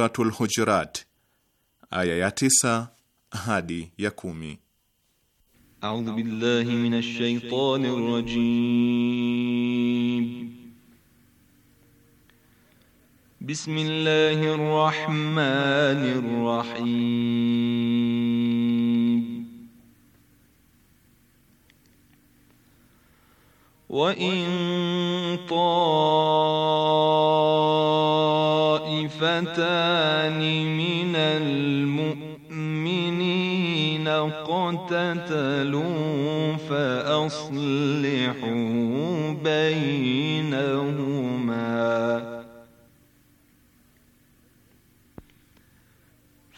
Suratul Hujurat aya ya tisa hadi ya kumi. A'udhu billahi minash shaitani rajim. Bismillahir rahmanir rahim. Wa in رجلان من المؤمنين اقتتلوا فأصلحوا بينهما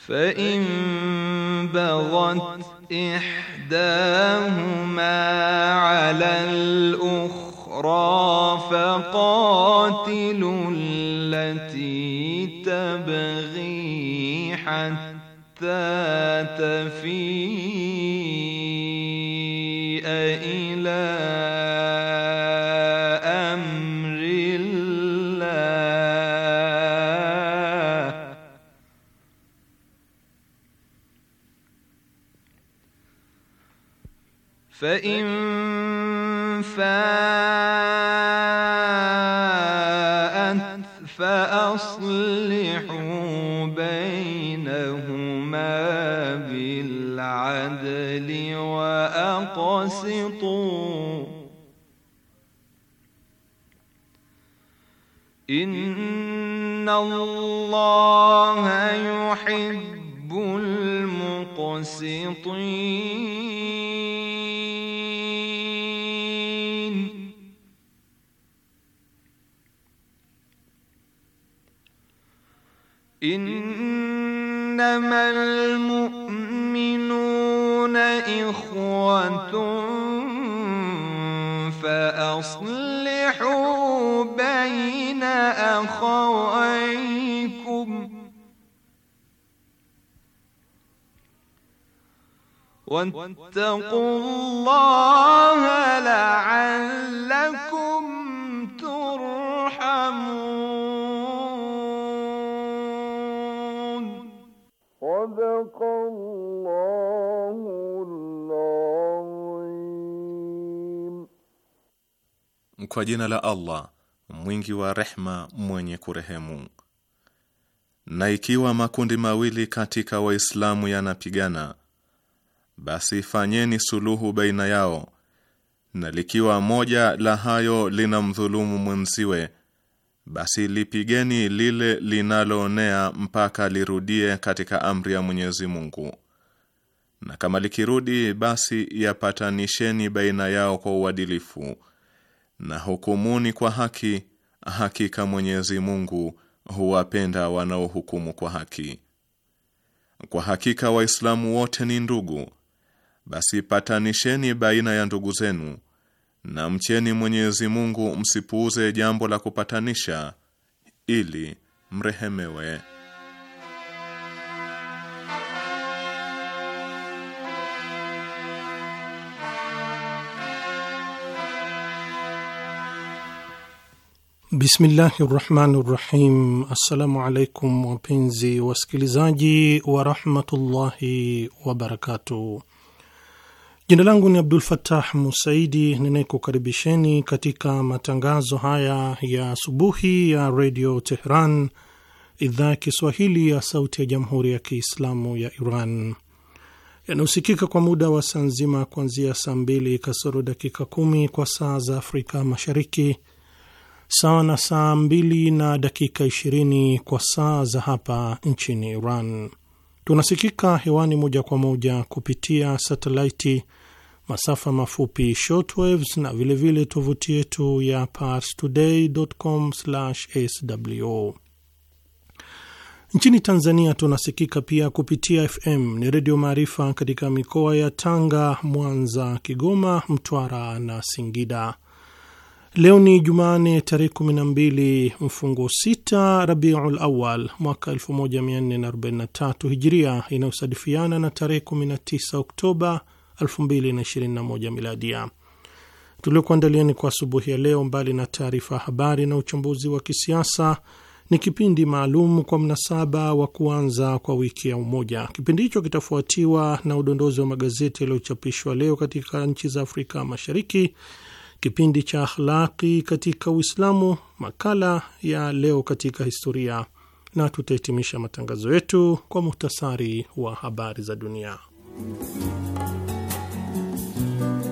فإن بغت إحداهما على الأخرى فقاتلوا التي تبغي ذات تفيء إلى أمر الله فإن فات قسطوا إن الله يحب المقسطين إنما الم wattaqullaha la'allakum turhamun. Kwa jina la Allah mwingi wa rehma mwenye kurehemu. Na ikiwa makundi mawili katika Waislamu yanapigana basi fanyeni suluhu baina yao, na likiwa moja la hayo lina mdhulumu mwenziwe, basi lipigeni lile linaloonea mpaka lirudie katika amri ya Mwenyezi Mungu, na kama likirudi, basi yapatanisheni baina yao kwa uadilifu na hukumuni kwa haki. Hakika Mwenyezi Mungu huwapenda wanaohukumu kwa haki. Kwa hakika Waislamu wote ni ndugu basi patanisheni baina ya ndugu zenu na mcheni Mwenyezi Mungu, msipuuze jambo la kupatanisha ili mrehemewe. Bismillahi rahmani rahim. Assalamu alaikum wapenzi wasikilizaji warahmatullahi wabarakatuh. Jina langu ni Abdul Fatah Musaidi, ninayekukaribisheni katika matangazo haya ya asubuhi ya redio Tehran, idhaa ya Kiswahili ya sauti ya jamhuri ya Kiislamu ya Iran, yanayosikika kwa muda wa saa nzima kuanzia saa mbili kasoro dakika kumi kwa saa za Afrika Mashariki, sawa na saa mbili na dakika ishirini kwa saa za hapa nchini Iran. Tunasikika hewani moja kwa moja kupitia satelaiti masafa mafupi shortwaves na vilevile tovuti yetu ya parstoday.com/sw. Nchini Tanzania tunasikika pia kupitia FM ni Redio Maarifa katika mikoa ya Tanga, Mwanza, Kigoma, Mtwara na Singida. Leo ni Jumane tarehe 12 mfungo 6 Rabiul Awal mwaka 1443 Hijiria, inayosadifiana na tarehe 19 Oktoba 2021 miladia. Tuliokuandaliani kwa asubuhi ya leo, mbali na taarifa ya habari na uchambuzi wa kisiasa, ni kipindi maalum kwa mnasaba wa kuanza kwa wiki ya Umoja. Kipindi hicho kitafuatiwa na udondozi wa magazeti yaliyochapishwa leo katika nchi za Afrika Mashariki, kipindi cha akhlaki katika Uislamu, makala ya leo katika historia, na tutahitimisha matangazo yetu kwa muhtasari wa habari za dunia. Thank you.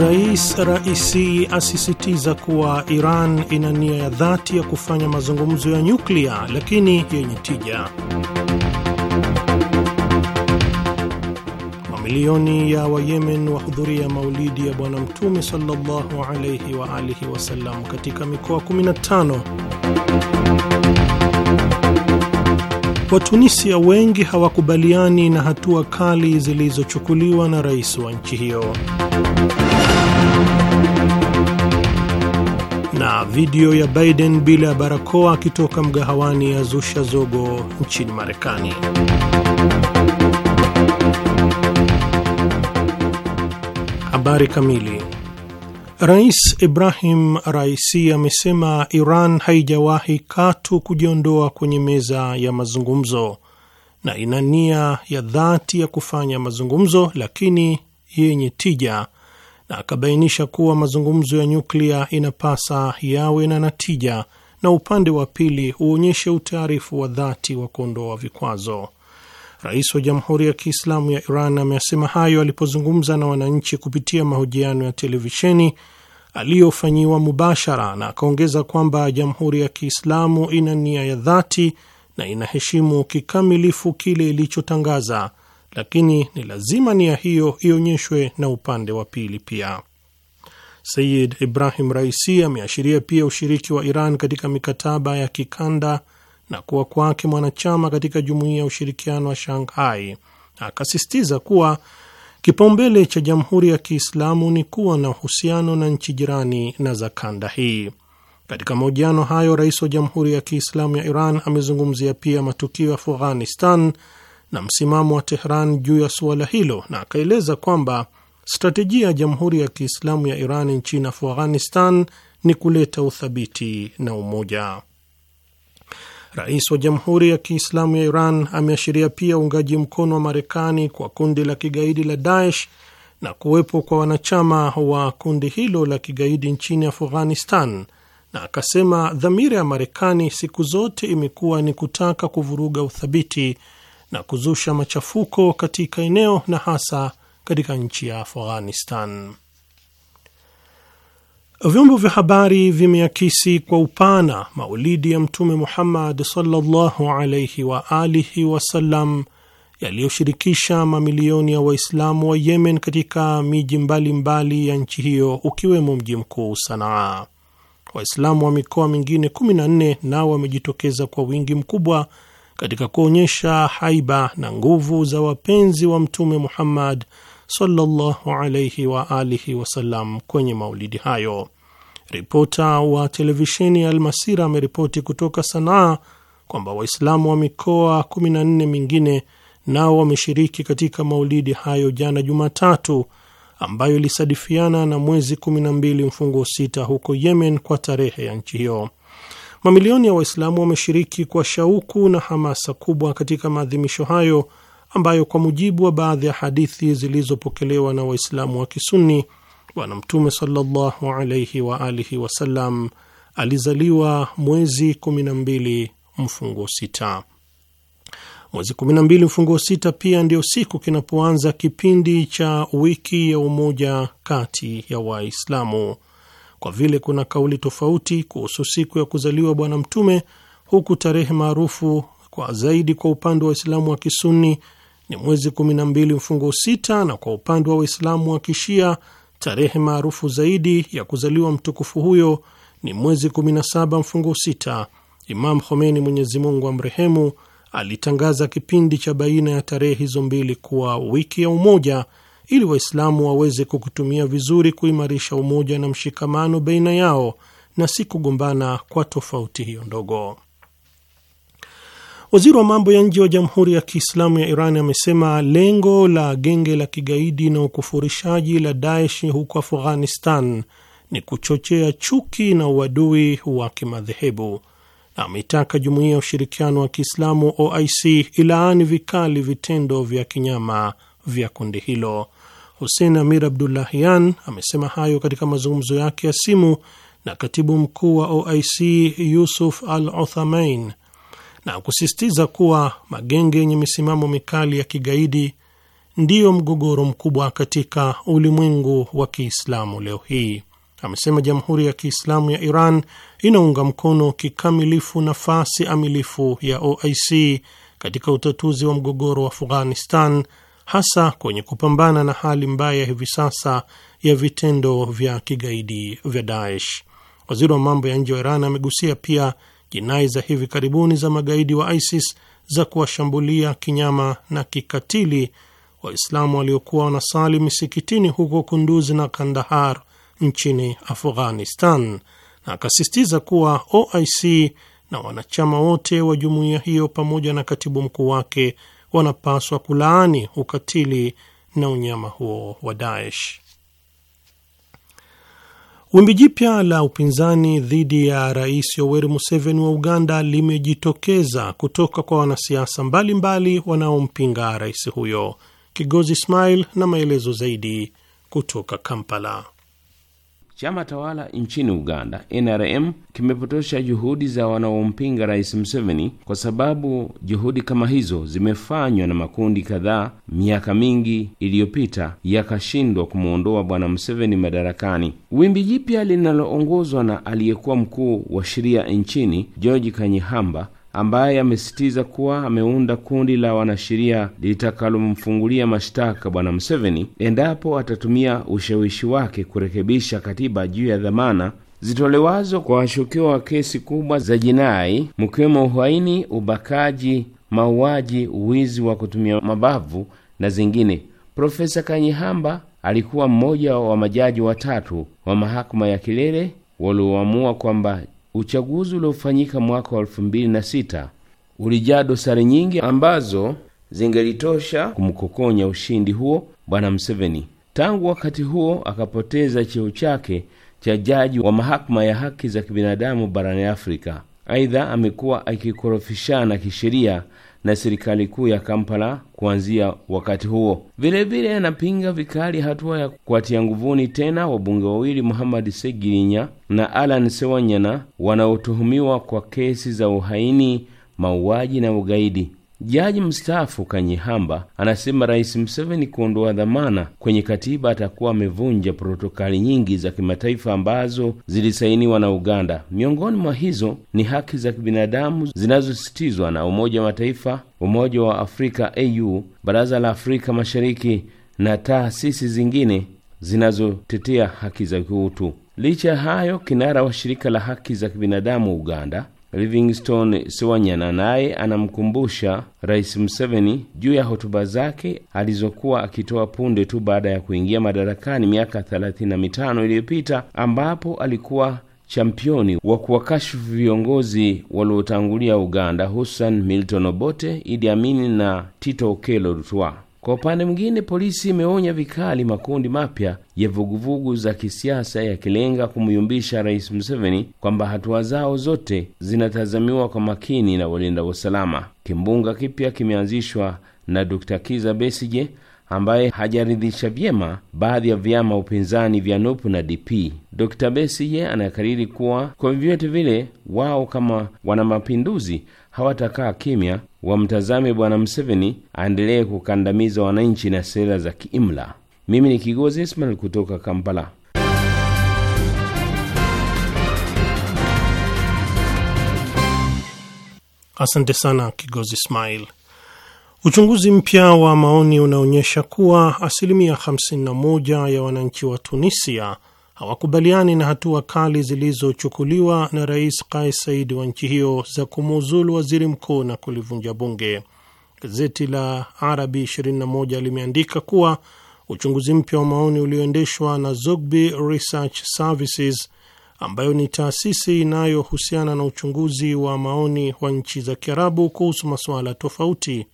Rais Raisi asisitiza kuwa Iran ina nia ya dhati ya kufanya mazungumzo ya nyuklia lakini yenye tija. Mamilioni ya Wayemen wahudhuria maulidi ya Bwana Mtume sallallahu alaihi wa alihi wasallam katika mikoa 15. Watunisia wengi hawakubaliani na hatua kali zilizochukuliwa na rais wa nchi hiyo na video ya Biden bila ya barakoa akitoka mgahawani ya zusha zogo nchini Marekani. Habari kamili. Rais Ibrahim Raisi amesema Iran haijawahi katu kujiondoa kwenye meza ya mazungumzo na ina nia ya dhati ya kufanya mazungumzo lakini yenye tija na akabainisha kuwa mazungumzo ya nyuklia inapasa yawe na natija na upande wa pili huonyeshe utaarifu wa dhati wa kuondoa vikwazo. Rais wa Jamhuri ya Kiislamu ya Iran ameyasema hayo alipozungumza na wananchi kupitia mahojiano ya televisheni aliyofanyiwa mubashara, na akaongeza kwamba Jamhuri ya Kiislamu ina nia ya dhati na inaheshimu kikamilifu kile ilichotangaza lakini ni lazima nia hiyo ionyeshwe na upande wa pili pia. Sayid Ibrahim Raisi ameashiria pia ushiriki wa Iran katika mikataba ya kikanda na kuwa kwake mwanachama katika jumuiya ya ushirikiano wa Shanghai, akasistiza akasisitiza kuwa kipaumbele cha Jamhuri ya Kiislamu ni kuwa na uhusiano na nchi jirani na za kanda hii. Katika mahojiano hayo, rais wa Jamhuri ya Kiislamu ya Iran amezungumzia pia matukio ya Afghanistan na msimamo wa Tehran juu ya suala hilo, na akaeleza kwamba stratejia ya Jamhuri ya Kiislamu ya Iran nchini Afghanistan ni kuleta uthabiti na umoja. Rais wa Jamhuri ya Kiislamu ya Iran ameashiria pia uungaji mkono wa Marekani kwa kundi la kigaidi la Daesh na kuwepo kwa wanachama wa kundi hilo la kigaidi nchini Afghanistan, na akasema dhamira ya Marekani siku zote imekuwa ni kutaka kuvuruga uthabiti na kuzusha machafuko katika eneo na hasa katika nchi ya Afghanistan. Vyombo vya habari vimeakisi kwa upana maulidi ya Mtume Muhammad sallallahu alaihi wa alihi wasallam yaliyoshirikisha mamilioni ya Waislamu wa Yemen katika miji mbalimbali ya nchi hiyo ukiwemo mji mkuu Sanaa. Waislamu wa mikoa mingine 14 nao wamejitokeza kwa wingi mkubwa katika kuonyesha haiba na nguvu za wapenzi wa Mtume Muhammad sallallahu alayhi wa alihi wasallam kwenye maulidi hayo. Ripota wa televisheni ya Almasira ameripoti kutoka Sanaa kwamba Waislamu wa mikoa 14 mingine nao wameshiriki katika maulidi hayo jana Jumatatu, ambayo ilisadifiana na mwezi 12 mfungo sita huko Yemen kwa tarehe ya nchi hiyo. Mamilioni ya Waislamu wameshiriki kwa shauku na hamasa kubwa katika maadhimisho hayo ambayo kwa mujibu wa baadhi ya hadithi zilizopokelewa na Waislamu wa Kisunni, Bwana Mtume sallallahu alaihi wa alihi wasallam alizaliwa mwezi 12 mfungo sita. Mwezi 12 mfungo sita pia ndio siku kinapoanza kipindi cha wiki ya umoja kati ya Waislamu kwa vile kuna kauli tofauti kuhusu siku ya kuzaliwa Bwana Mtume, huku tarehe maarufu kwa zaidi kwa upande wa Waislamu wa kisuni ni mwezi 12 mfungo 6 na kwa upande wa Waislamu wa Kishia tarehe maarufu zaidi ya kuzaliwa mtukufu huyo ni mwezi 17 mfungo 6. Imam Khomeini, Mwenyezi Mungu amrehemu, alitangaza kipindi cha baina ya tarehe hizo mbili kuwa wiki ya umoja ili Waislamu waweze kukutumia vizuri kuimarisha umoja na mshikamano baina yao na si kugombana kwa tofauti hiyo ndogo. Waziri wa mambo ya nje wa Jamhuri ya Kiislamu ya Iran amesema lengo la genge la kigaidi na ukufurishaji la Daesh huko Afghanistan ni kuchochea chuki na uadui wa kimadhehebu na ameitaka Jumuiya ya Ushirikiano wa Kiislamu OIC ilaani vikali vitendo vya kinyama vya kundi hilo. Hussein Amir Abdullahian amesema hayo katika mazungumzo yake ya simu na katibu mkuu wa OIC Yusuf Al Uthamain na kusisitiza kuwa magenge yenye misimamo mikali ya kigaidi ndiyo mgogoro mkubwa katika ulimwengu wa Kiislamu leo hii. Amesema Jamhuri ya Kiislamu ya Iran inaunga mkono kikamilifu nafasi amilifu ya OIC katika utatuzi wa mgogoro wa Afghanistan hasa kwenye kupambana na hali mbaya hivi sasa ya vitendo vya kigaidi vya Daesh. Waziri wa mambo ya nje wa Iran amegusia pia jinai za hivi karibuni za magaidi wa ISIS za kuwashambulia kinyama na kikatili Waislamu waliokuwa wanasali misikitini huko Kunduzi na Kandahar nchini Afghanistan, na akasisitiza kuwa OIC na wanachama wote wa jumuiya hiyo pamoja na katibu mkuu wake wanapaswa kulaani ukatili na unyama huo wa Daesh. Wimbi jipya la upinzani dhidi ya Rais Yoweri Museveni wa Uganda limejitokeza kutoka kwa wanasiasa mbalimbali wanaompinga rais huyo. Kigozi Ismail na maelezo zaidi kutoka Kampala. Chama tawala nchini Uganda NRM kimepotosha juhudi za wanaompinga Rais Museveni kwa sababu juhudi kama hizo zimefanywa na makundi kadhaa miaka mingi iliyopita yakashindwa kumwondoa Bwana Museveni madarakani. Wimbi jipya linaloongozwa na aliyekuwa mkuu wa sheria nchini George Kanyihamba ambaye amesitiza kuwa ameunda kundi la wanasheria litakalomfungulia mashtaka bwana Museveni endapo atatumia ushawishi wake kurekebisha katiba juu ya dhamana zitolewazo kwa washukiwa wa kesi kubwa za jinai, mkiwemo uhaini, ubakaji, mauaji, uwizi wa kutumia mabavu na zingine. Profesa Kanyihamba alikuwa mmoja wa majaji watatu wa mahakama ya kilele walioamua kwamba Uchaguzi uliofanyika mwaka wa elfu mbili na sita ulijaa dosari nyingi ambazo zingelitosha kumkokonya ushindi huo Bwana mseveni Tangu wakati huo akapoteza cheo chake cha jaji wa mahakama ya haki za kibinadamu barani Afrika. Aidha, amekuwa akikorofishana kisheria na serikali kuu ya Kampala kuanzia wakati huo. Vilevile anapinga vikali hatua ya kuwatia nguvuni tena wabunge wawili Muhammad Segirinya na Alan Sewanyana wanaotuhumiwa kwa kesi za uhaini, mauaji na ugaidi. Jaji mstaafu Kanyihamba anasema Rais Museveni kuondoa dhamana kwenye katiba atakuwa amevunja protokali nyingi za kimataifa ambazo zilisainiwa na Uganda. Miongoni mwa hizo ni haki za kibinadamu zinazosisitizwa na Umoja wa Mataifa, Umoja wa Afrika AU, Baraza la Afrika Mashariki na taasisi zingine zinazotetea haki za kiutu. Licha ya hayo, kinara wa shirika la haki za kibinadamu Uganda Livingstone Siwanyana naye anamkumbusha Rais Museveni juu ya hotuba zake alizokuwa akitoa punde tu baada ya kuingia madarakani miaka thelathini na mitano iliyopita ambapo alikuwa championi wa kuwakashifu viongozi waliotangulia Uganda, hususan Milton Obote, Idi Amini na Tito Okello Lutwa. Kwa upande mwingine, polisi imeonya vikali makundi mapya ya vuguvugu za kisiasa yakilenga kumyumbisha Rais Museveni kwamba hatua zao zote zinatazamiwa kwa makini na walinda usalama. Kimbunga kipya kimeanzishwa na Dr. Kiza Besije ambaye hajaridhisha vyema baadhi ya vyama upinzani vya NUP na DP. Dr. Besije anakariri kuwa kwa vyovyote vile wao kama wana mapinduzi hawatakaa kimya, wamtazame Bwana mseveni aendelee kukandamiza wananchi na sera za kiimla. Mimi ni Kigozi Ismail kutoka Kampala. Asante sana Kigozi Ismail. Uchunguzi mpya wa maoni unaonyesha kuwa asilimia 51 ya wananchi wa Tunisia hawakubaliani na hatua kali zilizochukuliwa na Rais Kais Saied wa nchi hiyo za kumuuzulu waziri mkuu na kulivunja bunge. Gazeti la Arabi 21 limeandika kuwa uchunguzi mpya wa maoni ulioendeshwa na Zogby Research Services ambayo ni taasisi inayohusiana na uchunguzi wa maoni wa nchi za Kiarabu kuhusu masuala tofauti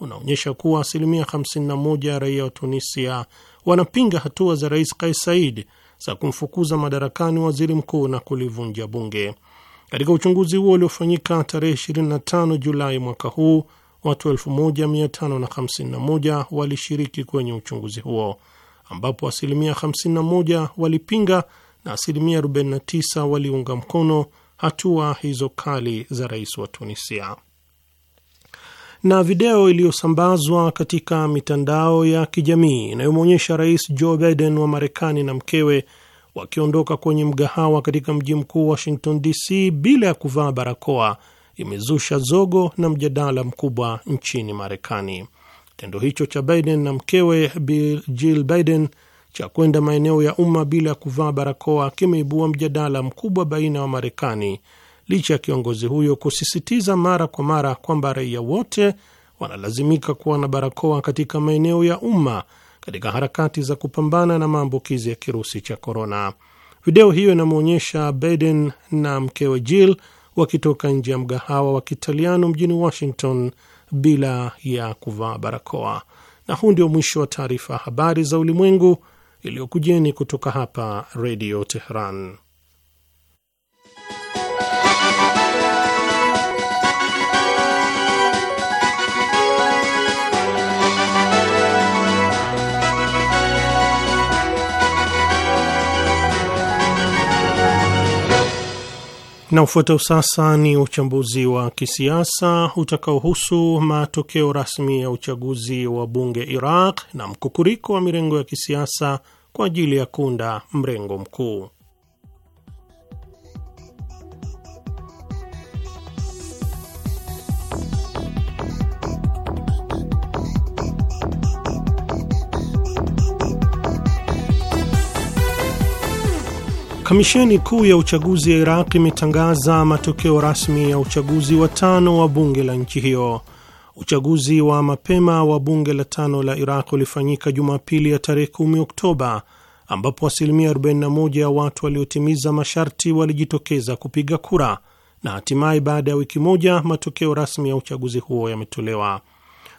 unaonyesha kuwa asilimia 51 ya raia wa Tunisia wanapinga hatua za Rais Kais Saied za kumfukuza madarakani waziri mkuu na kulivunja bunge. Katika uchunguzi huo uliofanyika tarehe 25 Julai mwaka huu, watu 1551 walishiriki kwenye uchunguzi huo ambapo asilimia 51 walipinga na asilimia 49 waliunga mkono hatua hizo kali za rais wa Tunisia na video iliyosambazwa katika mitandao ya kijamii inayomwonyesha Rais Joe Biden wa Marekani na mkewe wakiondoka kwenye mgahawa katika mji mkuu Washington DC bila ya kuvaa barakoa imezusha zogo na mjadala mkubwa nchini Marekani. Kitendo hicho cha Biden na mkewe Jill Biden cha kwenda maeneo ya umma bila ya kuvaa barakoa kimeibua mjadala mkubwa baina ya Wamarekani licha ya kiongozi huyo kusisitiza mara kwa mara kwamba raia wote wanalazimika kuwa na barakoa katika maeneo ya umma katika harakati za kupambana na maambukizi ya kirusi cha korona. Video hiyo inamwonyesha Biden na mkewe Jill wakitoka nje ya mgahawa wa Kitaliano mjini Washington bila ya kuvaa barakoa. Na huu ndio mwisho wa taarifa ya habari za ulimwengu iliyokujeni kutoka hapa Redio Teheran. Na ufuata sasa ni uchambuzi wa kisiasa utakaohusu matokeo rasmi ya uchaguzi wa bunge Iraq na mkukuriko wa mirengo ya kisiasa kwa ajili ya kunda mrengo mkuu. Kamisheni Kuu ya Uchaguzi ya Iraq imetangaza matokeo rasmi ya uchaguzi wa tano wa bunge la nchi hiyo. Uchaguzi wa mapema wa bunge la tano la Iraq ulifanyika Jumapili ya tarehe 10 Oktoba, ambapo asilimia 41 ya watu waliotimiza masharti walijitokeza kupiga kura, na hatimaye baada ya wiki moja matokeo rasmi ya uchaguzi huo yametolewa.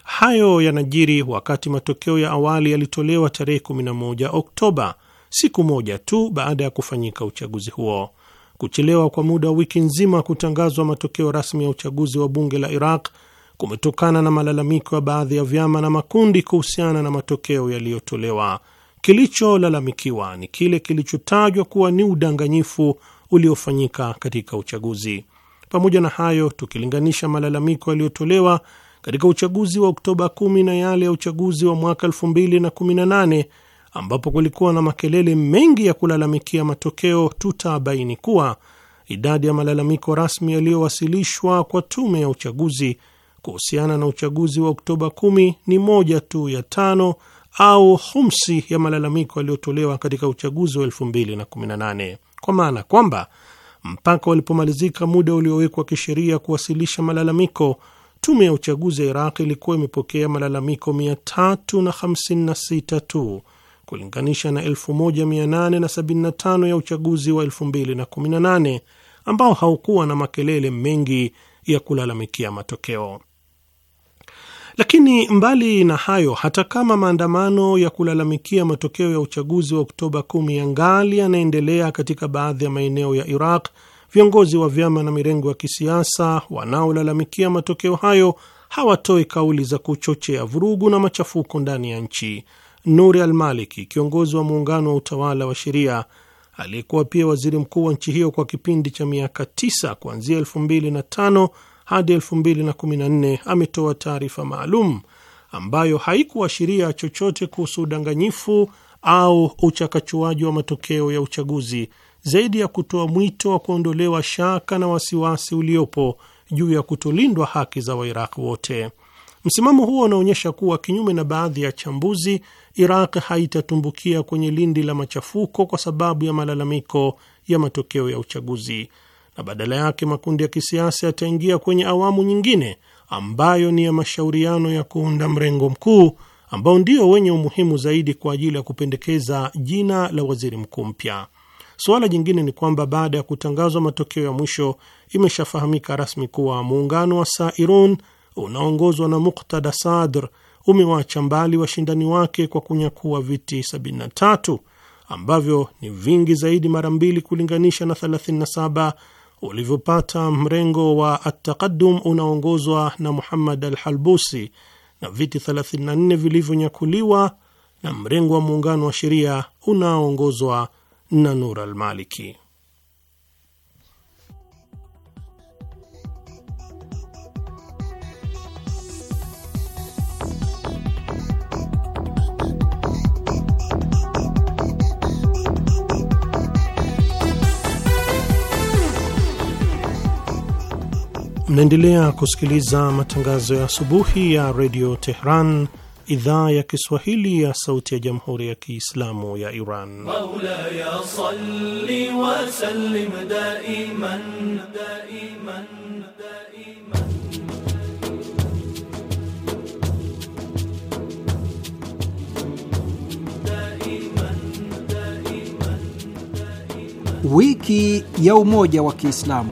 Hayo yanajiri wakati matokeo ya awali yalitolewa tarehe 11 Oktoba siku moja tu baada ya kufanyika uchaguzi huo. Kuchelewa kwa muda wa wiki nzima kutangazwa matokeo rasmi ya uchaguzi wa bunge la Iraq kumetokana na malalamiko ya baadhi ya vyama na makundi kuhusiana na matokeo yaliyotolewa. Kilicholalamikiwa ni kile kilichotajwa kuwa ni udanganyifu uliofanyika katika uchaguzi. Pamoja na hayo, tukilinganisha malalamiko yaliyotolewa katika uchaguzi wa Oktoba 10 na yale ya uchaguzi wa mwaka 2018 ambapo kulikuwa na makelele mengi ya kulalamikia matokeo, tutabaini kuwa idadi ya malalamiko rasmi yaliyowasilishwa kwa tume ya uchaguzi kuhusiana na uchaguzi wa Oktoba 10 ni moja tu ya tano au humsi ya malalamiko yaliyotolewa katika uchaguzi wa 2018 kwa maana kwamba mpaka walipomalizika muda uliowekwa kisheria kuwasilisha malalamiko, tume ya uchaguzi ya Iraq ilikuwa imepokea malalamiko 356 tu kulinganisha na 1875 ya uchaguzi wa 2018 ambao haukuwa na makelele mengi ya kulalamikia matokeo. Lakini mbali na hayo, hata kama maandamano ya kulalamikia matokeo ya uchaguzi wa Oktoba 10 ngali yanaendelea katika baadhi ya maeneo ya Iraq, viongozi wa vyama na mirengo ya kisiasa wanaolalamikia matokeo hayo hawatoi kauli za kuchochea vurugu na machafuko ndani ya nchi, Nuri al-Maliki, kiongozi wa muungano wa utawala wa sheria aliyekuwa pia waziri mkuu wa nchi hiyo kwa kipindi cha miaka 9 kuanzia 25 hadi 214 ametoa taarifa maalum ambayo haikuashiria chochote kuhusu udanganyifu au uchakachuaji wa matokeo ya uchaguzi zaidi ya kutoa mwito wa kuondolewa shaka na wasiwasi uliopo juu ya kutolindwa haki za Wairaq wote. Msimamo huo unaonyesha kuwa kinyume na baadhi ya chambuzi, Iraq haitatumbukia kwenye lindi la machafuko kwa sababu ya malalamiko ya matokeo ya uchaguzi, na badala yake makundi ya kisiasa yataingia kwenye awamu nyingine ambayo ni ya mashauriano ya kuunda mrengo mkuu ambao ndio wenye umuhimu zaidi kwa ajili ya kupendekeza jina la waziri mkuu mpya. Suala jingine ni kwamba baada ya kutangazwa matokeo ya mwisho, imeshafahamika rasmi kuwa muungano wa Sairun unaoongozwa na Muktada Sadr umewacha mbali washindani wake kwa kunyakua viti 73 ambavyo ni vingi zaidi mara mbili kulinganisha na 37 ulivyopata mrengo wa Ataqadum unaoongozwa na Muhammad al Halbusi na viti 34 vilivyonyakuliwa na mrengo wa muungano wa sheria unaoongozwa na Nur al Maliki. Mnaendelea kusikiliza matangazo ya asubuhi ya redio Tehran, idhaa ya Kiswahili ya sauti ya jamhuri ya Kiislamu ya Iran. Wiki ya umoja wa Kiislamu.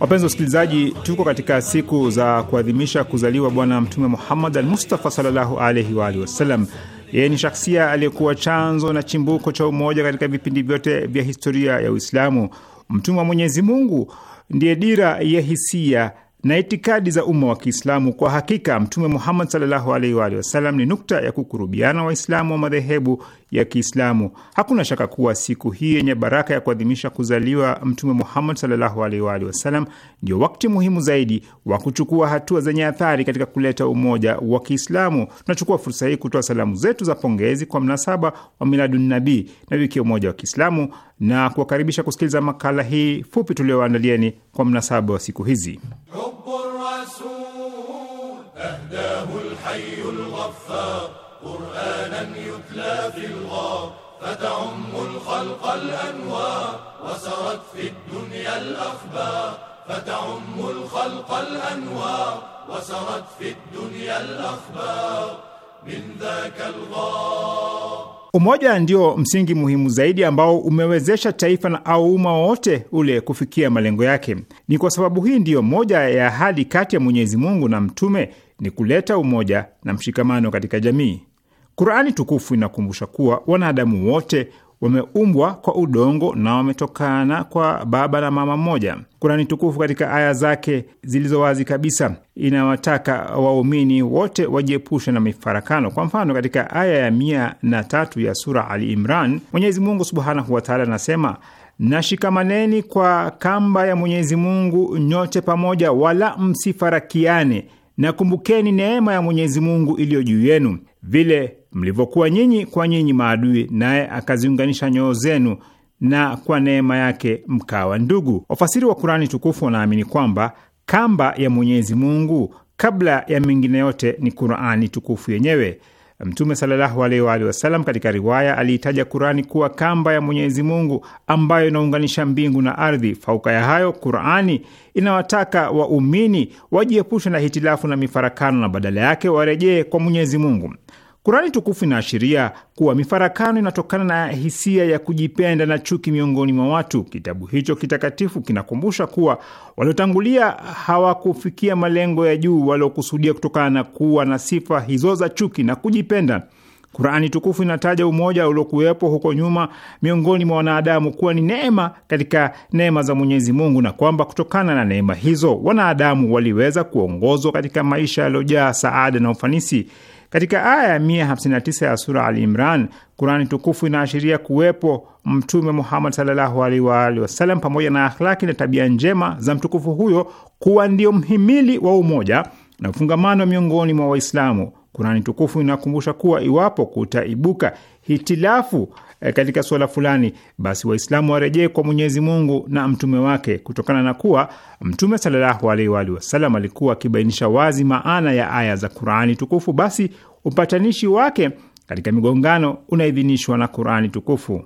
Wapenzi wasikilizaji, tuko katika siku za kuadhimisha kuzaliwa Bwana Mtume Muhammad al Mustafa sallallahu alaihi wa alihi wasallam. Yeye ni shaksia aliyekuwa chanzo na chimbuko cha umoja katika vipindi vyote vya historia ya Uislamu. Mtume wa Mwenyezi Mungu ndiye dira ya hisia na itikadi za umma wa Kiislamu. Kwa hakika Mtume Muhammad sallallahu alaihi wa alihi wasallam ni nukta ya kukurubiana Waislamu wa madhehebu ya Kiislamu. Hakuna shaka kuwa siku hii yenye baraka ya kuadhimisha kuzaliwa Mtume Muhammad sallallahu alaihi wa alihi wasallam ndio wakati muhimu zaidi wa kuchukua hatua zenye athari katika kuleta umoja wa Kiislamu. Tunachukua fursa hii kutoa salamu zetu za pongezi kwa mnasaba wa Miladun Nabii na wiki ya umoja wa Kiislamu na kuwakaribisha kusikiliza makala hii fupi tulioandalieni kwa mnasaba wa siku hizi. الأكلاف الغار فتعم الخلق الأنوار وسرت في الدنيا الأخبار فتعم الخلق الأنوار وسرت في الدنيا الأخبار من ذاك الغار Umoja ndio msingi muhimu zaidi ambao umewezesha taifa na au umma wowote ule kufikia malengo yake. Ni kwa sababu hii ndiyo moja ya ahadi kati ya Mwenyezi Mungu na mtume ni kuleta umoja na mshikamano katika jamii. Qurani tukufu inakumbusha kuwa wanadamu wote wameumbwa kwa udongo na wametokana kwa baba na mama mmoja. Kurani tukufu katika aya zake zilizo wazi kabisa inawataka waumini wote wajiepushe na mifarakano. Kwa mfano, katika aya ya mia na tatu ya sura Ali Imran, Mwenyezi Mungu subhanahu wataala anasema nashikamaneni kwa kamba ya Mwenyezi Mungu nyote pamoja, wala msifarakiane, na kumbukeni neema ya Mwenyezi Mungu iliyo juu yenu, vile mlivyokuwa nyinyi kwa nyinyi maadui, naye akaziunganisha nyoyo zenu na kwa neema yake mkawa ndugu. Wafasiri wa Kurani tukufu wanaamini kwamba kamba ya Mwenyezi Mungu kabla ya mengine yote ni Qurani tukufu yenyewe. Mtume sallallahu alaihi wasallam katika riwaya aliitaja Qurani kuwa kamba ya Mwenyezi Mungu ambayo inaunganisha mbingu na ardhi. Fauka ya hayo, Qurani inawataka waumini wajiepushe na hitilafu na mifarakano na badala yake warejee kwa Mwenyezi Mungu. Kurani tukufu inaashiria kuwa mifarakano inatokana na hisia ya kujipenda na chuki miongoni mwa watu. Kitabu hicho kitakatifu kinakumbusha kuwa waliotangulia hawakufikia malengo ya juu waliokusudia kutokana na kuwa na sifa hizo za chuki na kujipenda. Kurani tukufu inataja umoja uliokuwepo huko nyuma miongoni mwa wanadamu kuwa ni neema katika neema za Mwenyezi Mungu, na kwamba kutokana na neema hizo wanadamu waliweza kuongozwa katika maisha yaliyojaa saada na ufanisi. Katika aya ya 159 ya sura Ali Imran, Kurani tukufu inaashiria kuwepo Mtume Muhammad sallallahu alaihi wa alihi wasallam pamoja na akhlaki na tabia njema za mtukufu huyo kuwa ndio mhimili wa umoja na ufungamano miongoni mwa Waislamu. Kurani tukufu inakumbusha kuwa iwapo kutaibuka hitilafu eh, katika suala fulani, basi Waislamu warejee kwa Mwenyezi Mungu na mtume wake, kutokana na kuwa Mtume sallallahu alaihi wa alihi wasallam alikuwa akibainisha wazi maana ya aya za Kurani tukufu, basi upatanishi wake katika migongano unaidhinishwa na Kurani tukufu.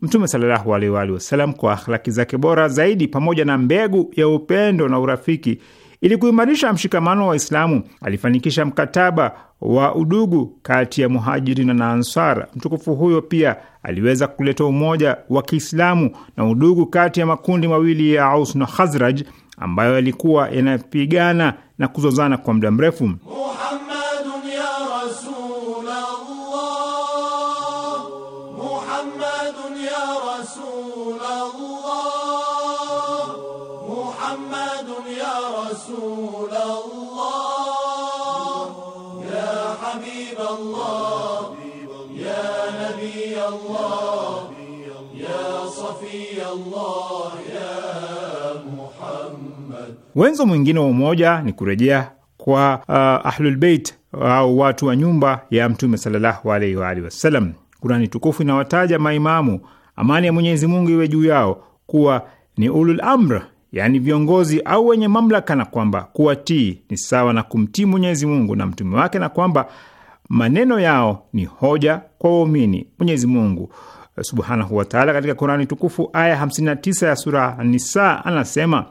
Mtume sallallahu alaihi wa alihi wasallam kwa akhlaki zake bora zaidi, pamoja na mbegu ya upendo na urafiki ili kuimarisha mshikamano wa Waislamu, alifanikisha mkataba wa udugu kati ya Muhajiri na Ansar. Mtukufu huyo pia aliweza kuleta umoja wa Kiislamu na udugu kati ya makundi mawili ya Aus na Khazraj ambayo yalikuwa yanapigana na kuzozana kwa muda mrefu Muhammad. Wenzo mwingine wa umoja ni kurejea kwa uh, ahlulbeit au watu wa nyumba ya Mtume sallallahu alaihi wa alihi wasallam. Kurani tukufu inawataja maimamu, amani ya Mwenyezi Mungu iwe juu yao, kuwa ni ulul amr, yaani viongozi au wenye mamlaka, na kwamba kuwatii ni sawa na kumtii Mwenyezi Mungu na mtume wake, na kwamba maneno yao ni hoja kwa waumini. Mwenyezi Mungu eh, subhanahu wataala katika Kurani tukufu aya 59 ya sura Nisa anasema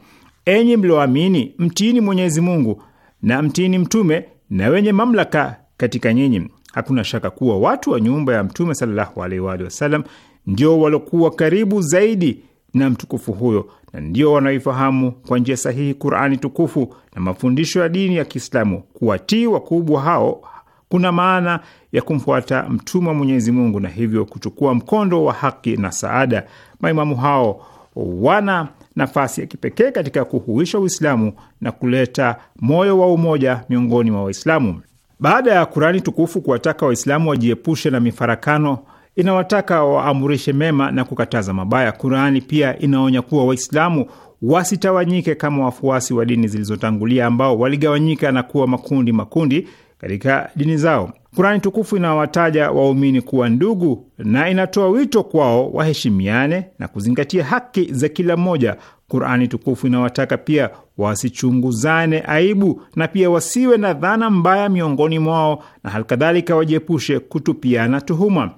enyi mlioamini, mtiini Mwenyezi Mungu na mtiini mtume na wenye mamlaka katika nyinyi. Hakuna shaka kuwa watu wa nyumba ya mtume sallallahu alaihi wa alihi wasallam ndio waliokuwa karibu zaidi na mtukufu huyo na ndio wanaoifahamu kwa njia sahihi Qurani tukufu na mafundisho ya dini ya Kiislamu. Kuwatii wakubwa hao kuna maana ya kumfuata mtume wa Mwenyezi Mungu na hivyo kuchukua mkondo wa haki na saada. Maimamu hao wana nafasi ya kipekee katika kuhuisha Uislamu na kuleta moyo wa umoja miongoni mwa Waislamu. Baada ya Kurani tukufu kuwataka Waislamu wajiepushe na mifarakano, inawataka waamurishe mema na kukataza mabaya. Kurani pia inaonya kuwa Waislamu wasitawanyike kama wafuasi wa dini zilizotangulia ambao waligawanyika na kuwa makundi makundi katika dini zao. Kurani tukufu inawataja waumini kuwa ndugu na inatoa wito kwao waheshimiane na kuzingatia haki za kila mmoja. Kurani tukufu inawataka pia wasichunguzane aibu na pia wasiwe na dhana mbaya miongoni mwao, na halikadhalika wajiepushe kutupiana tuhuma.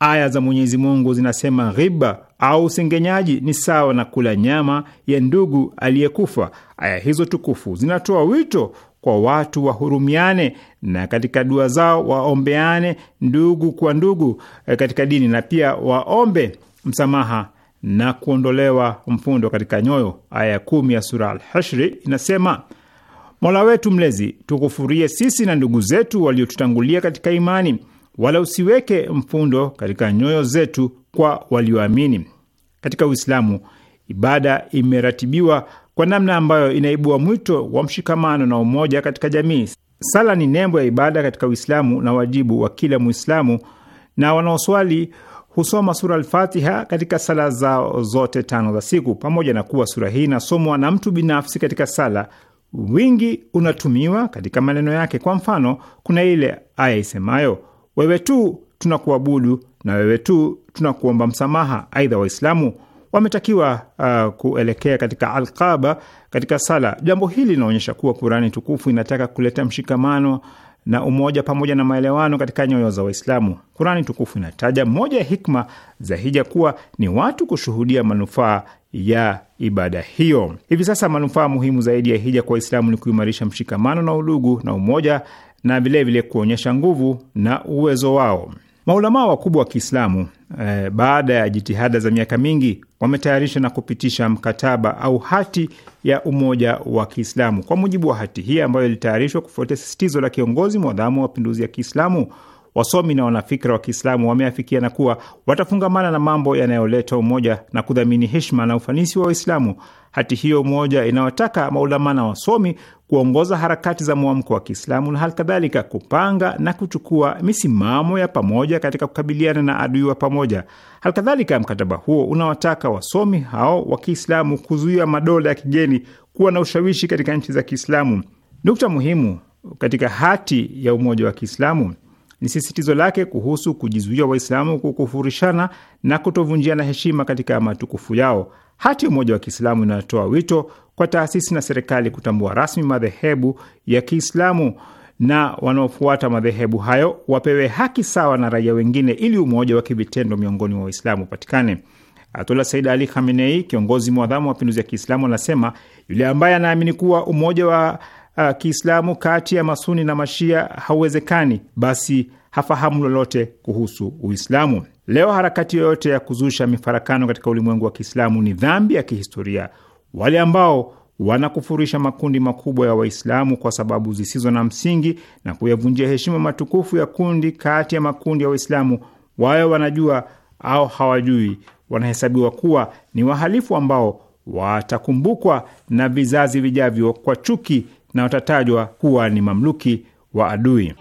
Aya za Mwenyezi Mungu zinasema ghiba au usengenyaji ni sawa na kula nyama ya ndugu aliyekufa. Aya hizo tukufu zinatoa wito kwa watu wahurumiane, na katika dua zao waombeane ndugu kwa ndugu eh, katika dini, na pia waombe msamaha na kuondolewa mfundo katika nyoyo. Aya ya kumi ya sura Al-Hashri inasema Mola wetu Mlezi, tukufurie sisi na ndugu zetu waliotutangulia katika imani, wala usiweke mfundo katika nyoyo zetu kwa walioamini. Katika Uislamu ibada imeratibiwa kwa namna ambayo inaibua mwito wa mshikamano na umoja katika jamii. Sala ni nembo ya ibada katika Uislamu na wajibu wa kila Mwislamu, na wanaoswali husoma sura Alfatiha katika sala zao zote tano za siku. Pamoja na kuwa sura hii inasomwa na mtu binafsi katika sala, wingi unatumiwa katika maneno yake. Kwa mfano, kuna ile aya isemayo, wewe tu tunakuabudu na wewe tu tunakuomba msamaha. Aidha, Waislamu wametakiwa uh, kuelekea katika Alqaba katika sala. Jambo hili linaonyesha kuwa Kurani tukufu inataka kuleta mshikamano na umoja pamoja na maelewano katika nyoyo za Waislamu. Kurani tukufu inataja moja ya hikma za hija kuwa ni watu kushuhudia manufaa ya ibada hiyo. Hivi sasa manufaa muhimu zaidi ya hija kwa Waislamu ni kuimarisha mshikamano na udugu na umoja na vilevile kuonyesha nguvu na uwezo wao. Maulamaa wakubwa wa Kiislamu e, baada ya jitihada za miaka mingi wametayarisha na kupitisha mkataba au hati ya umoja wa Kiislamu. Kwa mujibu wa hati hii ambayo ilitayarishwa kufuatia sisitizo la kiongozi mwadhamu wa mapinduzi ya Kiislamu wasomi na wanafikira wa Kiislamu wameafikia na kuwa watafungamana na mambo yanayoleta umoja na kudhamini heshima na ufanisi wa Waislamu. Hati hiyo moja inawataka maulama na wasomi kuongoza harakati za mwamko wa Kiislamu na hali kadhalika kupanga na kuchukua misimamo ya pamoja katika kukabiliana na adui wa pamoja. Hali kadhalika, mkataba huo unawataka wasomi hao wa Kiislamu kuzuia madola ya kigeni kuwa na ushawishi katika nchi za Kiislamu. Nukta muhimu katika hati ya umoja wa Kiislamu ni sisitizo lake kuhusu kujizuia Waislamu kukufurishana na kutovunjiana heshima katika matukufu yao. Hati ya Umoja wa Kiislamu inatoa wito kwa taasisi na serikali kutambua rasmi madhehebu ya Kiislamu na wanaofuata madhehebu hayo wapewe haki sawa na raia wengine ili umoja wa kivitendo miongoni mwa Waislamu upatikane. Ayatullah Said Ali Khamenei, kiongozi mwadhamu wa mapinduzi ya Kiislamu, anasema yule ambaye anaamini kuwa umoja wa uh, Kiislamu kati ya Masuni na Mashia hauwezekani, basi hafahamu lolote kuhusu Uislamu. Leo harakati yoyote ya kuzusha mifarakano katika ulimwengu wa Kiislamu ni dhambi ya kihistoria. Wale ambao wanakufurisha makundi makubwa ya Waislamu kwa sababu zisizo na msingi na kuyavunjia heshima matukufu ya kundi kati ya makundi ya Waislamu, wawe wanajua au hawajui, wanahesabiwa kuwa ni wahalifu ambao watakumbukwa na vizazi vijavyo kwa chuki na watatajwa kuwa ni mamluki wa adui.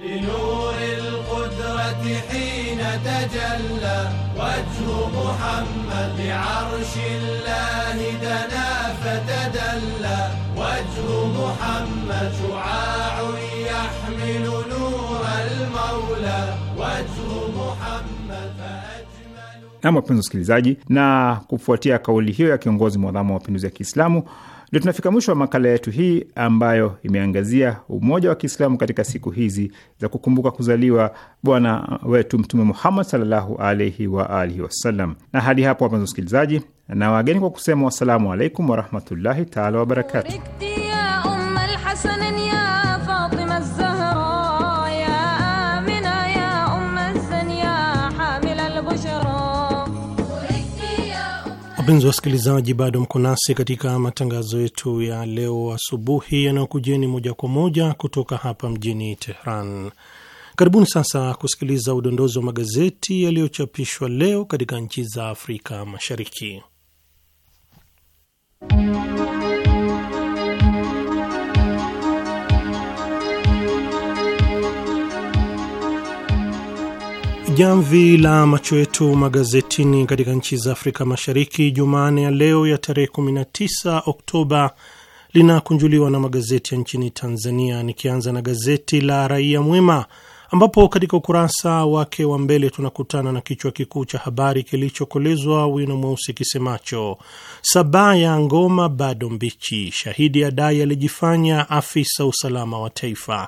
Nam, wapenzi wasikilizaji, na kufuatia kauli hiyo ya kiongozi mwadhamu wa mapinduzi ya Kiislamu ndio tunafika mwisho wa makala yetu hii ambayo imeangazia umoja wa Kiislamu katika siku hizi za kukumbuka kuzaliwa bwana wetu Mtume Muhammad sallallahu alaihi wa alihi wasallam. Na hadi hapo, wapenzi wasikilizaji, na wageni kwa kusema wassalamu alaikum warahmatullahi taala wabarakatuh. Wapenzi wasikilizaji, bado mko nasi katika matangazo yetu ya leo asubuhi yanayokujeni moja kwa moja kutoka hapa mjini Tehran. Karibuni sasa kusikiliza udondozi wa magazeti yaliyochapishwa leo katika nchi za Afrika Mashariki. Jamvi la macho yetu magazetini katika nchi za Afrika Mashariki Jumanne ya leo ya tarehe 19 Oktoba linakunjuliwa na magazeti ya nchini Tanzania, nikianza na gazeti la Raia Mwema ambapo katika ukurasa wake wa mbele tunakutana na kichwa kikuu cha habari kilichokolezwa wino mweusi kisemacho Sabaa ya ngoma bado mbichi, shahidi adai alijifanya afisa usalama wa taifa.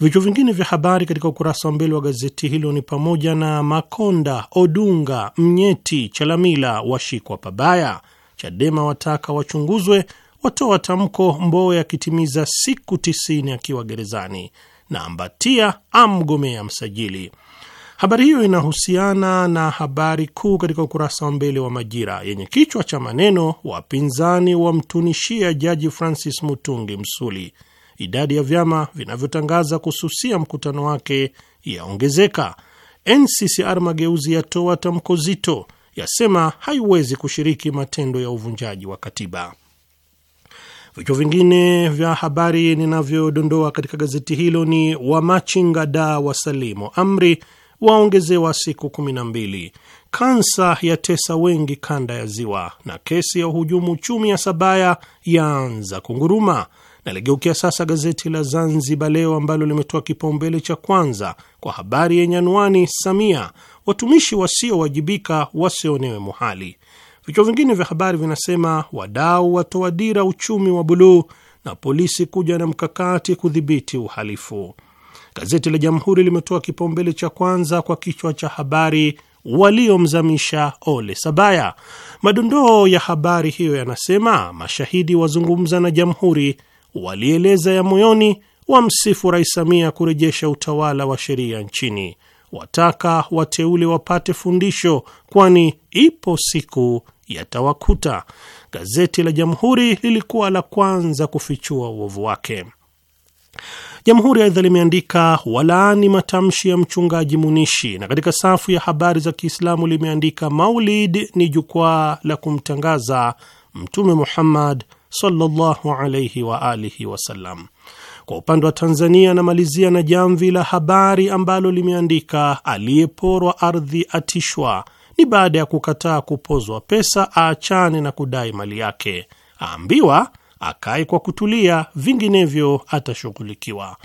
Vichwa vingine vya habari katika ukurasa wa mbele wa gazeti hilo ni pamoja na Makonda, Odunga, Mnyeti, Chalamila washikwa pabaya, Chadema wataka wachunguzwe, watoa tamko, Mbowe akitimiza siku tisini akiwa gerezani na ambatia amgomea msajili. Habari hiyo inahusiana na habari kuu katika ukurasa wa mbele wa Majira yenye kichwa cha maneno wapinzani wamtunishia Jaji Francis Mutungi msuli, idadi ya vyama vinavyotangaza kususia mkutano wake yaongezeka. NCCR Mageuzi yatoa tamko zito, yasema haiwezi kushiriki matendo ya uvunjaji wa katiba. Vichwa vingine vya habari ninavyodondoa katika gazeti hilo ni wamachinga da wasalimu amri waongezewa siku kumi na mbili kansa ya tesa wengi kanda ya Ziwa, na kesi ya uhujumu uchumi ya Sabaya yaanza kunguruma. Naligeukia sasa gazeti la Zanzibar Leo ambalo limetoa kipaumbele cha kwanza kwa habari yenye anwani Samia, watumishi wasiowajibika wasionewe muhali. Vichwa vingine vya habari vinasema wadau watoa dira uchumi wa buluu na polisi kuja na mkakati kudhibiti uhalifu. Gazeti la Jamhuri limetoa kipaumbele cha kwanza kwa kichwa cha habari waliomzamisha Ole Sabaya. Madondoo ya habari hiyo yanasema mashahidi wazungumza na Jamhuri, walieleza ya moyoni, wamsifu Rais Samia kurejesha utawala wa sheria nchini wataka wateule wapate fundisho, kwani ipo siku yatawakuta. Gazeti la Jamhuri lilikuwa la kwanza kufichua uovu wake. Jamhuri aidha limeandika walaani matamshi ya mchungaji Munishi, na katika safu ya habari za Kiislamu limeandika Maulid ni jukwaa la kumtangaza Mtume Muhammad sallallahu alaihi wa alihi wasallam. Kwa upande wa Tanzania, anamalizia na jamvi la habari ambalo limeandika aliyeporwa ardhi atishwa. Ni baada ya kukataa kupozwa pesa aachane na kudai mali yake, aambiwa akae kwa kutulia, vinginevyo atashughulikiwa.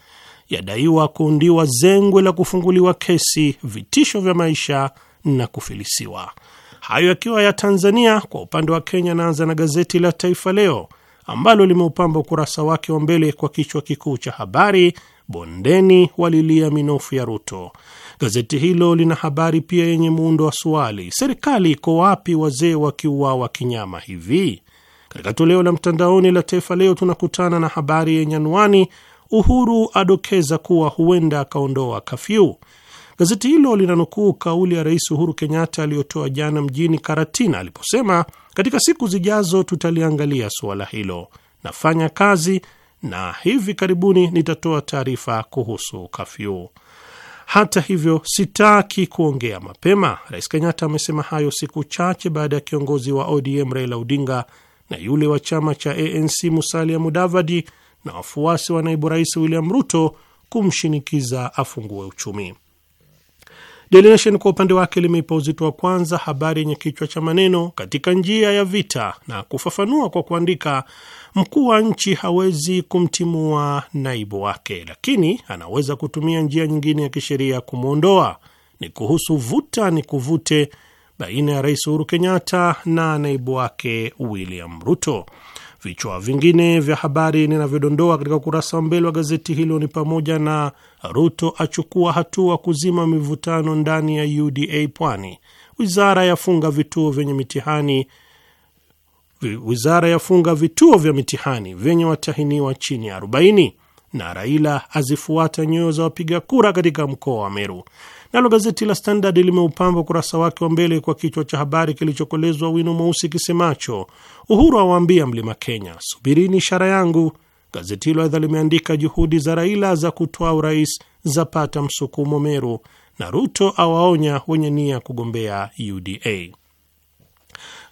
Yadaiwa kuundiwa zengwe la kufunguliwa kesi, vitisho vya maisha na kufilisiwa. Hayo yakiwa ya Tanzania. Kwa upande wa Kenya, naanza na gazeti la Taifa Leo ambalo limeupamba ukurasa wake wa mbele kwa kichwa kikuu cha habari Bondeni walilia minofu ya Ruto. Gazeti hilo lina habari pia yenye muundo wa swali, serikali iko wapi wazee wakiuawa kinyama hivi? Katika toleo la mtandaoni la Taifa Leo tunakutana na habari yenye anwani, Uhuru adokeza kuwa huenda akaondoa kafyu. Gazeti hilo linanukuu kauli ya Rais Uhuru Kenyatta aliyotoa jana mjini Karatina aliposema, katika siku zijazo tutaliangalia suala hilo, nafanya kazi na hivi karibuni nitatoa taarifa kuhusu kafyu. Hata hivyo, sitaki kuongea mapema. Rais Kenyatta amesema hayo siku chache baada ya kiongozi wa ODM Raila Odinga na yule wa chama cha ANC Musalia Mudavadi na wafuasi wa naibu rais William Ruto kumshinikiza afungue uchumi. Daily Nation kwa upande wake limeipa uzito wa kwanza habari yenye kichwa cha maneno katika njia ya vita, na kufafanua kwa kuandika, mkuu wa nchi hawezi kumtimua naibu wake, lakini anaweza kutumia njia nyingine ya kisheria kumwondoa. Ni kuhusu vuta ni kuvute baina ya Rais Uhuru Kenyatta na naibu wake William Ruto. Vichwa vingine vya habari ninavyodondoa katika ukurasa wa mbele wa gazeti hilo ni pamoja na Ruto achukua hatua kuzima mivutano ndani ya UDA Pwani, wizara yafunga vituo vyenye mitihani wizara yafunga vituo vya mitihani vyenye watahiniwa chini ya 40 na Raila azifuata nyoyo za wapiga kura katika mkoa wa Meru. Nalo gazeti la Standard limeupamba ukurasa wake wa mbele kwa kichwa cha habari kilichokolezwa wino mweusi kisemacho Uhuru awaambia mlima Kenya, subirini ishara yangu. Gazeti hilo aidha limeandika juhudi za Raila za kutoa urais zapata msukumo Meru, na Ruto awaonya wenye nia kugombea UDA.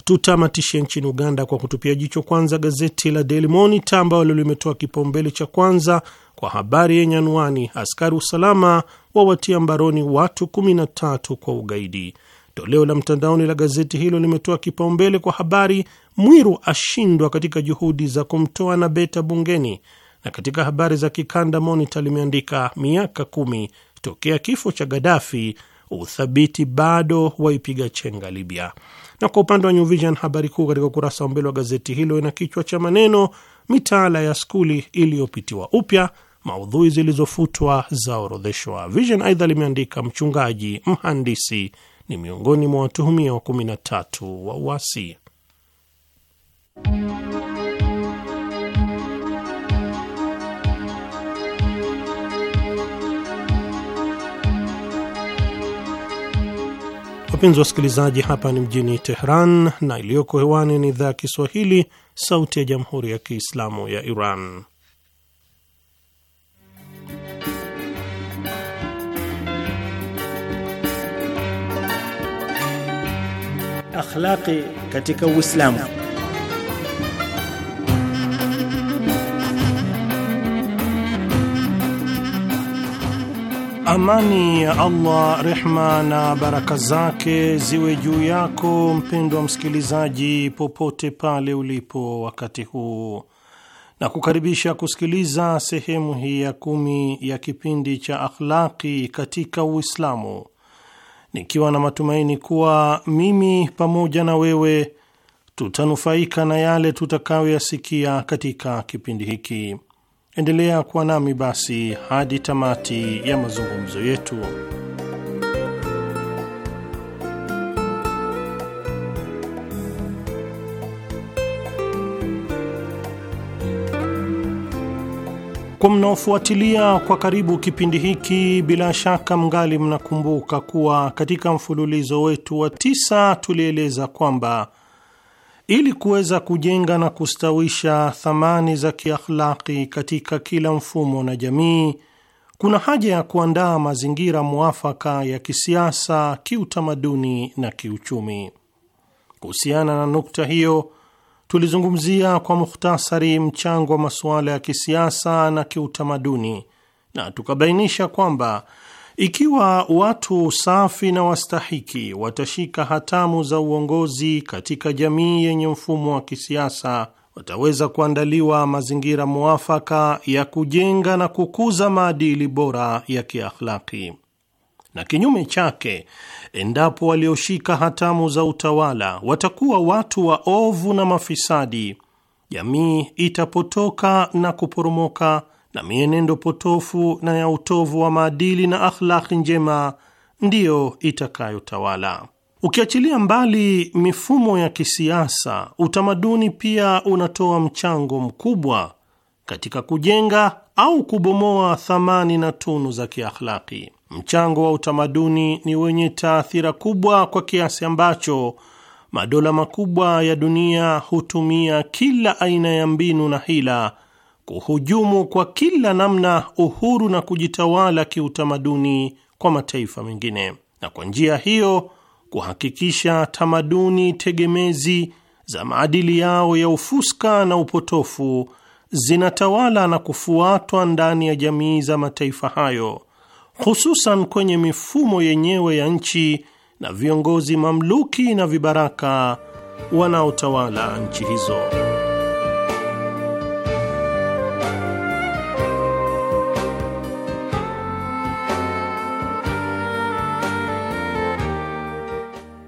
Tutamatishe nchini Uganda kwa kutupia jicho kwanza gazeti la Daily Monitor ambalo limetoa kipaumbele cha kwanza kwa habari yenye anwani askari usalama wawatia mbaroni watu 13 kwa ugaidi. Toleo la mtandaoni la gazeti hilo limetoa kipaumbele kwa habari Mwiru ashindwa katika juhudi za kumtoa na beta bungeni, na katika habari za kikanda Monitor limeandika miaka kumi tokea kifo cha Gaddafi, uthabiti bado waipiga chenga Libya. Na kwa upande wa New Vision, habari kuu katika ukurasa wa mbele wa gazeti hilo ina kichwa cha maneno mitaala ya skuli iliyopitiwa upya maudhui zilizofutwa zaorodheshwa. Vision aidha limeandika mchungaji mhandisi ni miongoni mwa watuhumiwa kumi na tatu wa uasi. Wapenzi wa wasikilizaji, hapa ni mjini Tehran na iliyoko hewani ni idhaa ya Kiswahili, Sauti ya Jamhuri ya Kiislamu ya Iran. akhlaqi katika Uislamu. Amani ya Allah, rehma na baraka zake ziwe juu yako mpendwa msikilizaji, popote pale ulipo wakati huu, na kukaribisha kusikiliza sehemu hii ya kumi ya kipindi cha akhlaqi katika Uislamu nikiwa na matumaini kuwa mimi pamoja na wewe tutanufaika na yale tutakayoyasikia katika kipindi hiki. Endelea kuwa nami basi hadi tamati ya mazungumzo yetu. Kwa mnaofuatilia kwa karibu kipindi hiki, bila shaka mngali mnakumbuka kuwa katika mfululizo wetu wa tisa tulieleza kwamba ili kuweza kujenga na kustawisha thamani za kiakhlaki katika kila mfumo na jamii, kuna haja ya kuandaa mazingira muafaka ya kisiasa, kiutamaduni na kiuchumi. Kuhusiana na nukta hiyo tulizungumzia kwa mukhtasari mchango wa masuala ya kisiasa na kiutamaduni, na tukabainisha kwamba ikiwa watu safi na wastahiki watashika hatamu za uongozi katika jamii yenye mfumo wa kisiasa, wataweza kuandaliwa mazingira muafaka ya kujenga na kukuza maadili bora ya kiakhlaki na kinyume chake, endapo walioshika hatamu za utawala watakuwa watu waovu na mafisadi, jamii itapotoka na kuporomoka na mienendo potofu na ya utovu wa maadili na akhlaki njema ndiyo itakayotawala. Ukiachilia mbali mifumo ya kisiasa, utamaduni pia unatoa mchango mkubwa katika kujenga au kubomoa thamani na tunu za kiakhlaki. Mchango wa utamaduni ni wenye taathira kubwa kwa kiasi ambacho madola makubwa ya dunia hutumia kila aina ya mbinu na hila kuhujumu kwa kila namna uhuru na kujitawala kiutamaduni kwa mataifa mengine, na kwa njia hiyo kuhakikisha tamaduni tegemezi za maadili yao ya ufuska na upotofu zinatawala na kufuatwa ndani ya jamii za mataifa hayo hususan kwenye mifumo yenyewe ya nchi na viongozi mamluki na vibaraka wanaotawala nchi hizo.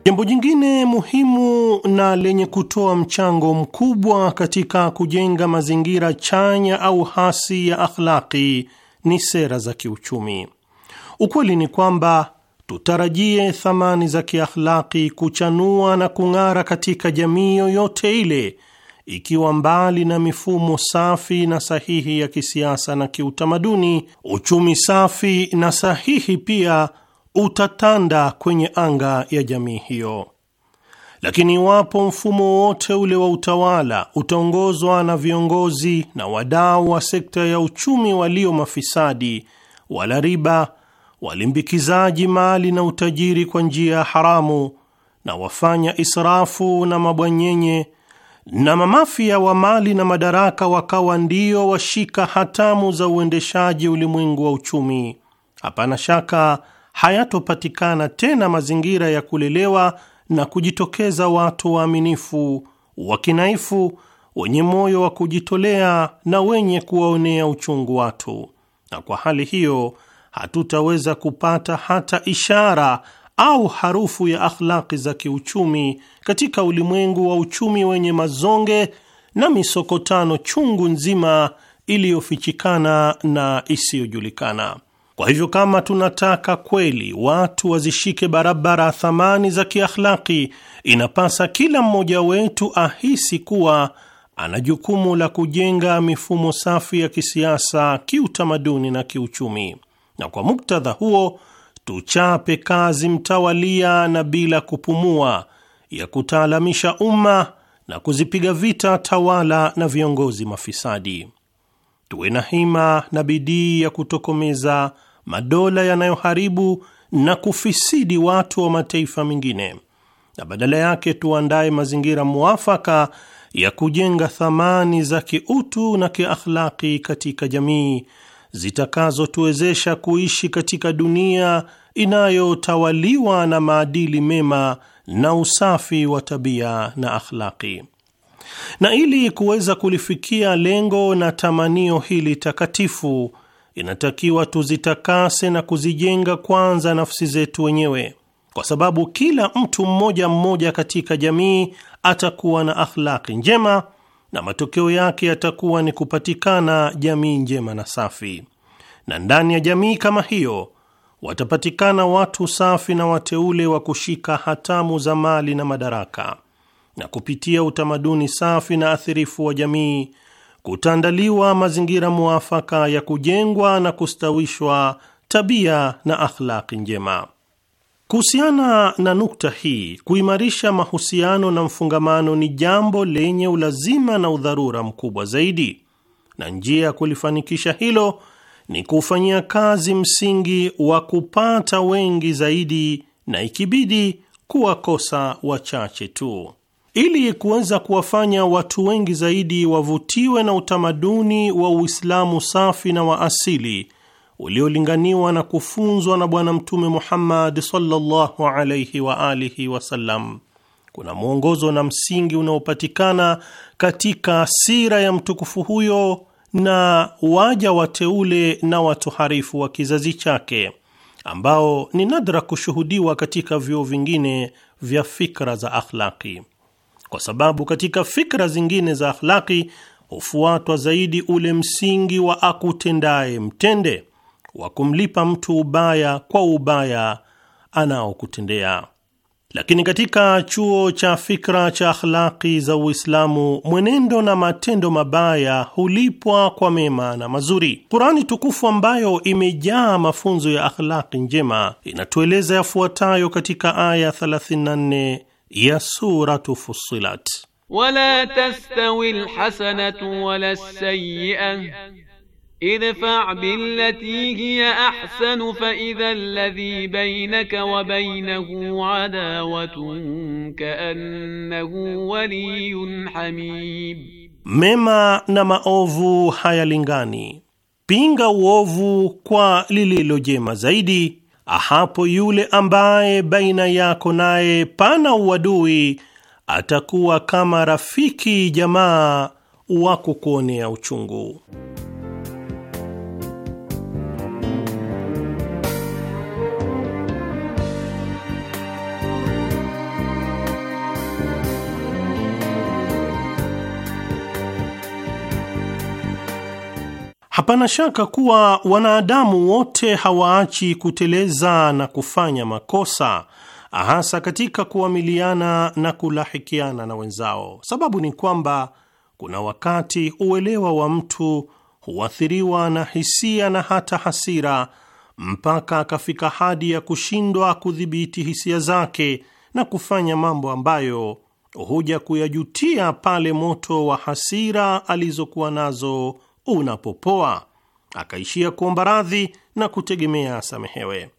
Jambo jingine muhimu na lenye kutoa mchango mkubwa katika kujenga mazingira chanya au hasi ya akhlaki ni sera za kiuchumi. Ukweli ni kwamba tutarajie thamani za kiakhlaki kuchanua na kung'ara katika jamii yoyote ile, ikiwa mbali na mifumo safi na sahihi ya kisiasa na kiutamaduni, uchumi safi na sahihi pia utatanda kwenye anga ya jamii hiyo. Lakini iwapo mfumo wote ule wa utawala utaongozwa na viongozi na wadau wa sekta ya uchumi walio mafisadi, wala riba walimbikizaji mali na utajiri kwa njia ya haramu na wafanya israfu na mabwanyenye na mamafia wa mali na madaraka wakawa ndio washika hatamu za uendeshaji ulimwengu wa uchumi. Hapana shaka hayatopatikana tena mazingira ya kulelewa na kujitokeza watu waaminifu, wakinaifu, wenye moyo wa kujitolea na wenye kuwaonea uchungu watu, na kwa hali hiyo hatutaweza kupata hata ishara au harufu ya akhlaki za kiuchumi katika ulimwengu wa uchumi wenye mazonge na misokotano chungu nzima iliyofichikana na isiyojulikana. Kwa hivyo, kama tunataka kweli watu wazishike barabara thamani za kiakhlaki, inapasa kila mmoja wetu ahisi kuwa ana jukumu la kujenga mifumo safi ya kisiasa, kiutamaduni na kiuchumi na kwa muktadha huo tuchape kazi mtawalia na bila kupumua ya kutaalamisha umma na kuzipiga vita tawala na viongozi mafisadi. Tuwe na hima na bidii ya kutokomeza madola yanayoharibu na kufisidi watu wa mataifa mengine, na badala yake tuandaye mazingira mwafaka ya kujenga thamani za kiutu na kiakhlaki katika jamii zitakazotuwezesha kuishi katika dunia inayotawaliwa na maadili mema na usafi wa tabia na akhlaki. Na ili kuweza kulifikia lengo na tamanio hili takatifu, inatakiwa tuzitakase na kuzijenga kwanza nafsi zetu wenyewe, kwa sababu kila mtu mmoja mmoja katika jamii atakuwa na akhlaki njema na matokeo yake yatakuwa ni kupatikana jamii njema na safi, na ndani ya jamii kama hiyo watapatikana watu safi na wateule wa kushika hatamu za mali na madaraka, na kupitia utamaduni safi na athirifu wa jamii kutaandaliwa mazingira muafaka ya kujengwa na kustawishwa tabia na akhlaki njema. Kuhusiana na nukta hii, kuimarisha mahusiano na mfungamano ni jambo lenye ulazima na udharura mkubwa zaidi, na njia ya kulifanikisha hilo ni kuufanyia kazi msingi wa kupata wengi zaidi, na ikibidi kuwakosa wachache tu, ili kuweza kuwafanya watu wengi zaidi wavutiwe na utamaduni wa Uislamu safi na wa asili uliolinganiwa na kufunzwa na Bwana Mtume Muhammad sallallahu alayhi wa alihi wasallam. Kuna mwongozo na msingi unaopatikana katika sira ya mtukufu huyo na waja wateule na watoharifu wa kizazi chake ambao ni nadra kushuhudiwa katika vyuo vingine vya fikra za akhlaki, kwa sababu katika fikra zingine za akhlaki hufuatwa zaidi ule msingi wa akutendaye mtende wa kumlipa mtu ubaya kwa ubaya anaokutendea. Lakini katika chuo cha fikra cha akhlaqi za Uislamu, mwenendo na matendo mabaya hulipwa kwa mema na mazuri. Kurani tukufu ambayo imejaa mafunzo ya akhlaki njema inatueleza yafuatayo katika aya 34 ya Suratu Fussilat: wala tastawi alhasanatu wala idfa billati hiya ahsanu faidha alladhi bainaka wa bainahu adawatun kaannahu waliyun hamim, mema na maovu hayalingani, pinga uovu kwa lililo jema zaidi, hapo yule ambaye baina yako naye pana uadui atakuwa kama rafiki jamaa wa kukuonea uchungu. Hapana shaka kuwa wanadamu wote hawaachi kuteleza na kufanya makosa, hasa katika kuamiliana na kulahikiana na wenzao. Sababu ni kwamba kuna wakati uelewa wa mtu huathiriwa na hisia na hata hasira, mpaka akafika hadi ya kushindwa kudhibiti hisia zake na kufanya mambo ambayo huja kuyajutia pale moto wa hasira alizokuwa nazo unapopoa, akaishia kuomba radhi na kutegemea asamehewe.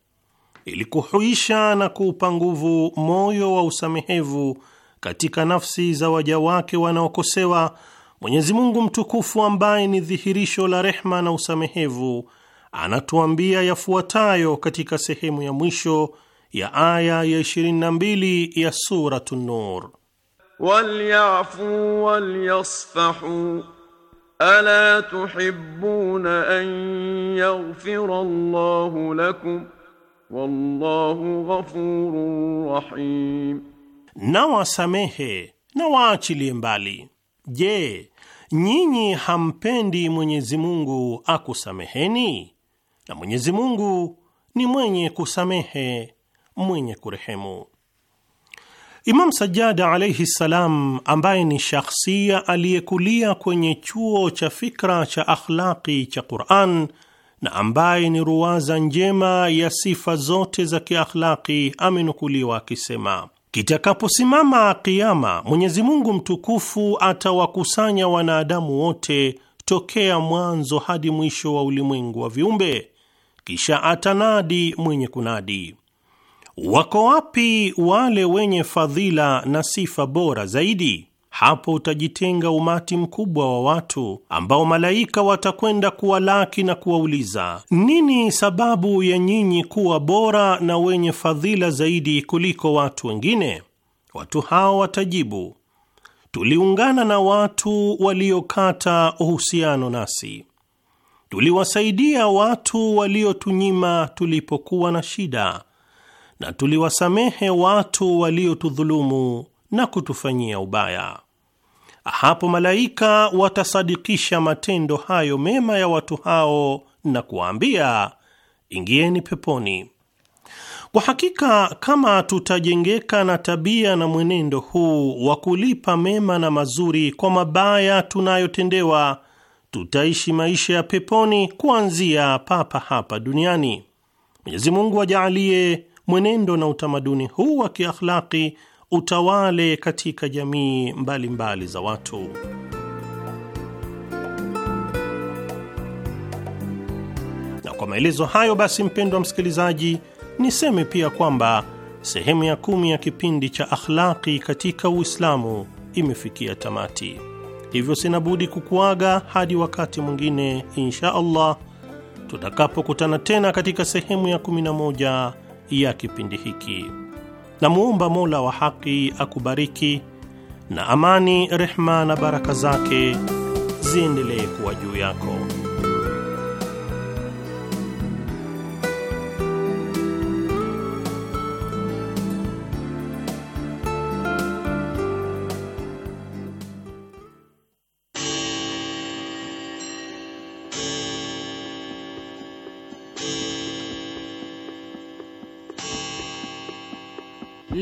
Ili kuhuisha na kuupa nguvu moyo wa usamehevu katika nafsi za waja wake wanaokosewa, Mwenyezi Mungu mtukufu ambaye ni dhihirisho la rehma na usamehevu anatuambia yafuatayo katika sehemu ya mwisho ya aya ya 22 ya Suratu Nur: walyafu walyasfahu ألا تحبون أن يغفر الله لكم والله غفور رحيم na na waachilie mbali. Je, nyinyi hampendi Mwenyezi Mungu akusameheni? Na Mwenyezi Mungu ni mwenye kusamehe mwenye kurehemu. Imam Sajjad alaihi ssalam, ambaye ni shakhsia aliyekulia kwenye chuo cha fikra cha akhlaqi cha Quran na ambaye ni ruwaza njema ya sifa zote za kiakhlaqi, amenukuliwa akisema Kitakaposimama kiama, Mwenyezi Mungu mtukufu atawakusanya wanadamu wote tokea mwanzo hadi mwisho wa ulimwengu wa viumbe, kisha atanadi mwenye kunadi, Wako wapi wale wenye fadhila na sifa bora zaidi? Hapo utajitenga umati mkubwa wa watu ambao malaika watakwenda kuwalaki na kuwauliza, nini sababu ya nyinyi kuwa bora na wenye fadhila zaidi kuliko watu wengine? Watu hao watajibu, tuliungana na watu waliokata uhusiano nasi, tuliwasaidia watu waliotunyima tulipokuwa na shida na tuliwasamehe watu waliotudhulumu na kutufanyia ubaya. Hapo malaika watasadikisha matendo hayo mema ya watu hao na kuwaambia, ingieni peponi. Kwa hakika kama tutajengeka na tabia na mwenendo huu wa kulipa mema na mazuri kwa mabaya tunayotendewa, tutaishi maisha ya peponi kuanzia papa hapa duniani. Mwenyezi Mungu ajaalie mwenendo na utamaduni huu wa kiakhlaki utawale katika jamii mbalimbali mbali za watu. Na kwa maelezo hayo basi, mpendwa msikilizaji, niseme pia kwamba sehemu ya kumi ya kipindi cha akhlaki katika Uislamu imefikia tamati. Hivyo sina budi kukuaga hadi wakati mwingine insha Allah tutakapokutana tena katika sehemu ya 11 ya kipindi hiki. Namuomba Mola wa haki akubariki, na amani, rehma na baraka zake ziendelee kuwa juu yako.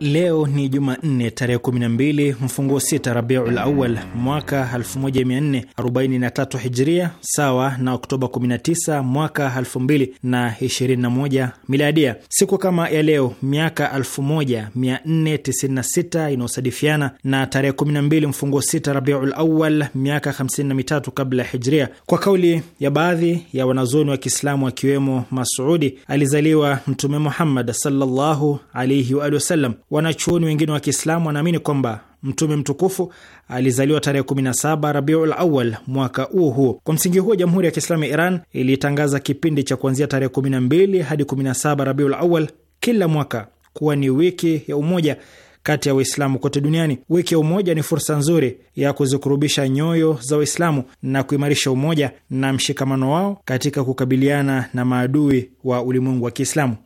Leo ni Jumanne tarehe 12 mfunguo 6 Rabiul Awal mwaka 1443 Hijria, sawa na Oktoba 19 mwaka 2021 Miladia. Siku kama ya leo miaka 1496 inayosadifiana na tarehe 12 mfunguo 6 Rabiul Awal, miaka 53 kabla ya Hijria, kwa kauli ya baadhi ya wanazuoni wa Kiislamu akiwemo Masudi, alizaliwa Mtume Muhammad sallallahu alayhi wa sallam. Wanachuoni wengine wa Kiislamu wanaamini kwamba Mtume mtukufu alizaliwa tarehe 17 Rabiul Awal mwaka huo huo. Kwa msingi huo, Jamhuri ya Kiislamu ya Iran ilitangaza kipindi cha kuanzia tarehe 12 hadi 17 Rabiul Awal kila mwaka kuwa ni wiki ya umoja kati ya Waislamu kote duniani. Wiki ya umoja ni fursa nzuri ya kuzikurubisha nyoyo za Waislamu na kuimarisha umoja na mshikamano wao katika kukabiliana na maadui wa ulimwengu wa Kiislamu.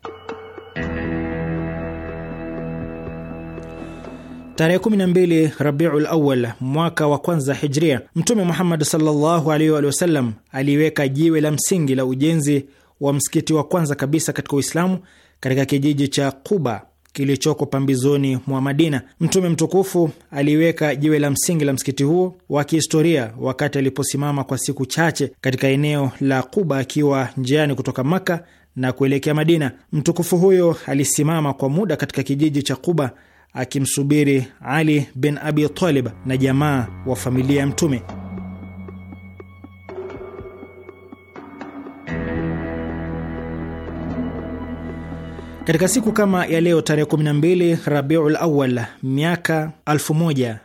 Tarehe 12 Rabiul Awal mwaka wa kwanza Hijria, Mtume Muhammad sallallahu alaihi wa sallam aliweka jiwe la msingi la ujenzi wa msikiti wa kwanza kabisa katika Uislamu katika kijiji cha Quba kilichoko pambizoni mwa Madina. Mtume mtukufu aliweka jiwe la msingi la msikiti huo wa kihistoria wakati aliposimama kwa siku chache katika eneo la Quba akiwa njiani kutoka Makka na kuelekea Madina. Mtukufu huyo alisimama kwa muda katika kijiji cha Quba akimsubiri Ali bin Abi Talib na jamaa wa familia ya Mtume. Katika siku kama ya leo tarehe 12 Rabiul Awal miaka 1202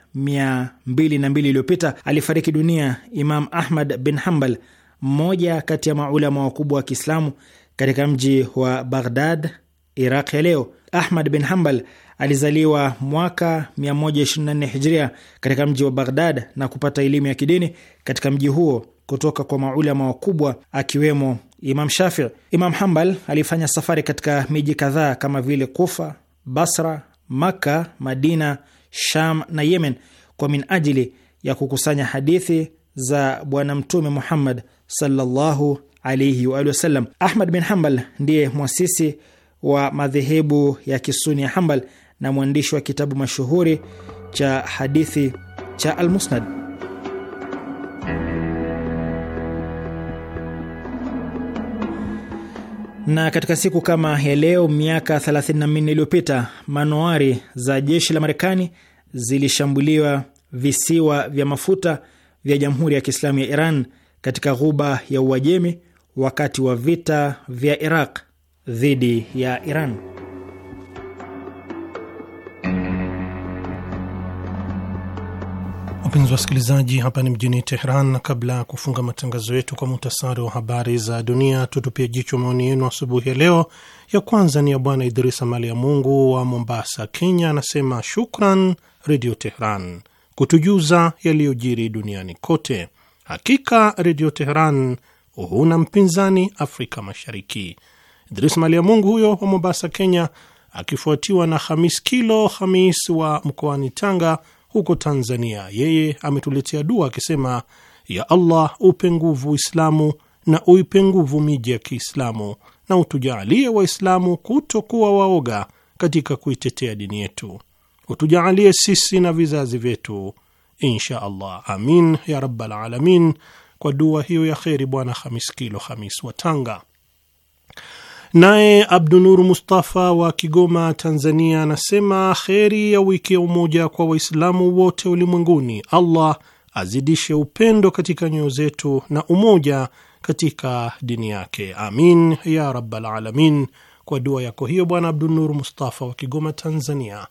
iliyopita alifariki dunia Imam Ahmad bin Hanbal, mmoja kati ya maulama wakubwa wa Kiislamu katika mji wa Baghdad, Iraq ya leo. Ahmad bin Hanbal Alizaliwa mwaka 124 hijria katika mji wa Baghdad na kupata elimu ya kidini katika mji huo kutoka kwa maulama wakubwa akiwemo Imam Shafii. Imam Hambal alifanya safari katika miji kadhaa kama vile Kufa, Basra, Makka, Madina, Sham na Yemen kwa minajili ya kukusanya hadithi za Bwana Mtume Muhammad sallallahu alaihi wa alihi wasallam. Ahmad bin Hambal ndiye mwasisi wa madhehebu ya Kisuni ya Hambal na mwandishi wa kitabu mashuhuri cha hadithi cha Almusnad. Na katika siku kama ya leo miaka 34 iliyopita manowari za jeshi la Marekani zilishambuliwa visiwa vya mafuta vya Jamhuri ya Kiislamu ya Iran katika ghuba ya Uajemi wakati wa vita vya Iraq dhidi ya Iran. Wapenzi wasikilizaji, hapa ni mjini Teheran, na kabla ya kufunga matangazo yetu kwa muhtasari wa habari za dunia, tutupie jicho maoni yenu asubuhi ya leo. Ya kwanza ni ya Bwana Idrisa Mali ya Mungu wa Mombasa, Kenya, anasema shukran Redio Teheran kutujuza yaliyojiri duniani kote. Hakika Redio Teheran huna mpinzani Afrika Mashariki. Idris Mali ya Mungu huyo wa Mombasa, Kenya, akifuatiwa na Hamis Kilo Hamis wa mkoani Tanga huko Tanzania, yeye ametuletea dua akisema: ya Allah, upe nguvu Uislamu na uipe nguvu miji ya Kiislamu na utujaalie Waislamu kutokuwa waoga katika kuitetea dini yetu, utujaalie sisi na vizazi vyetu, insha Allah, amin ya rabbal alamin. Kwa dua hiyo ya kheri, Bwana Hamis Kilo Hamis wa Tanga. Naye Abdunur Mustafa wa Kigoma, Tanzania, anasema kheri ya wiki ya umoja kwa Waislamu wote ulimwenguni. Allah azidishe upendo katika nyoyo zetu na umoja katika dini yake, amin ya rabbal alamin. Kwa dua yako hiyo, Bwana Abdunur Mustafa wa Kigoma, Tanzania.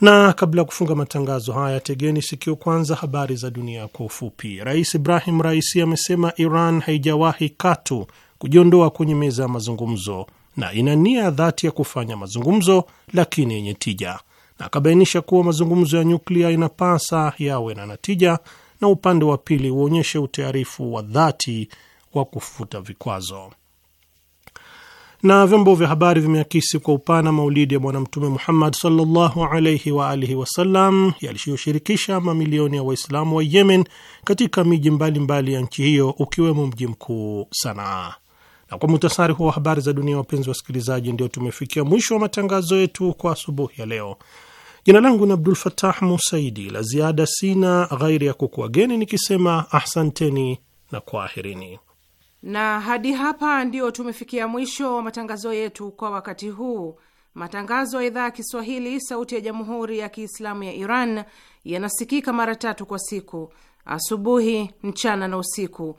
Na kabla ya kufunga matangazo haya, tegeni sikio kwanza habari za dunia kwa ufupi. Rais Ibrahim Raisi amesema Iran haijawahi katu kujiondoa kwenye meza ya mazungumzo na ina nia dhati ya kufanya mazungumzo lakini yenye tija, na akabainisha kuwa mazungumzo ya nyuklia inapasa yawe na natija na upande wa pili uonyeshe utayarifu wa dhati wa kufuta vikwazo. Na vyombo vya habari vimeakisi kwa upana maulidi ya Bwana Mtume Muhammad sallallahu alaihi wa alihi wasallam yaliyoshirikisha mamilioni ya Waislamu wa Yemen katika miji mbalimbali ya nchi hiyo ukiwemo mji mkuu Sanaa. Na kwa muhtasari huo wa habari za dunia, wapenzi wasikilizaji, ndio tumefikia mwisho wa matangazo yetu kwa asubuhi ya leo. Jina langu ni Abdul Fatah Musaidi. La ziada sina ghairi ya kukuageni nikisema ahsanteni na kwaherini. Na hadi hapa ndio tumefikia mwisho wa matangazo yetu kwa wakati huu. Matangazo ya idhaa ya Kiswahili sauti ya jamhuri ya Kiislamu ya Iran yanasikika mara tatu kwa siku: asubuhi, mchana na usiku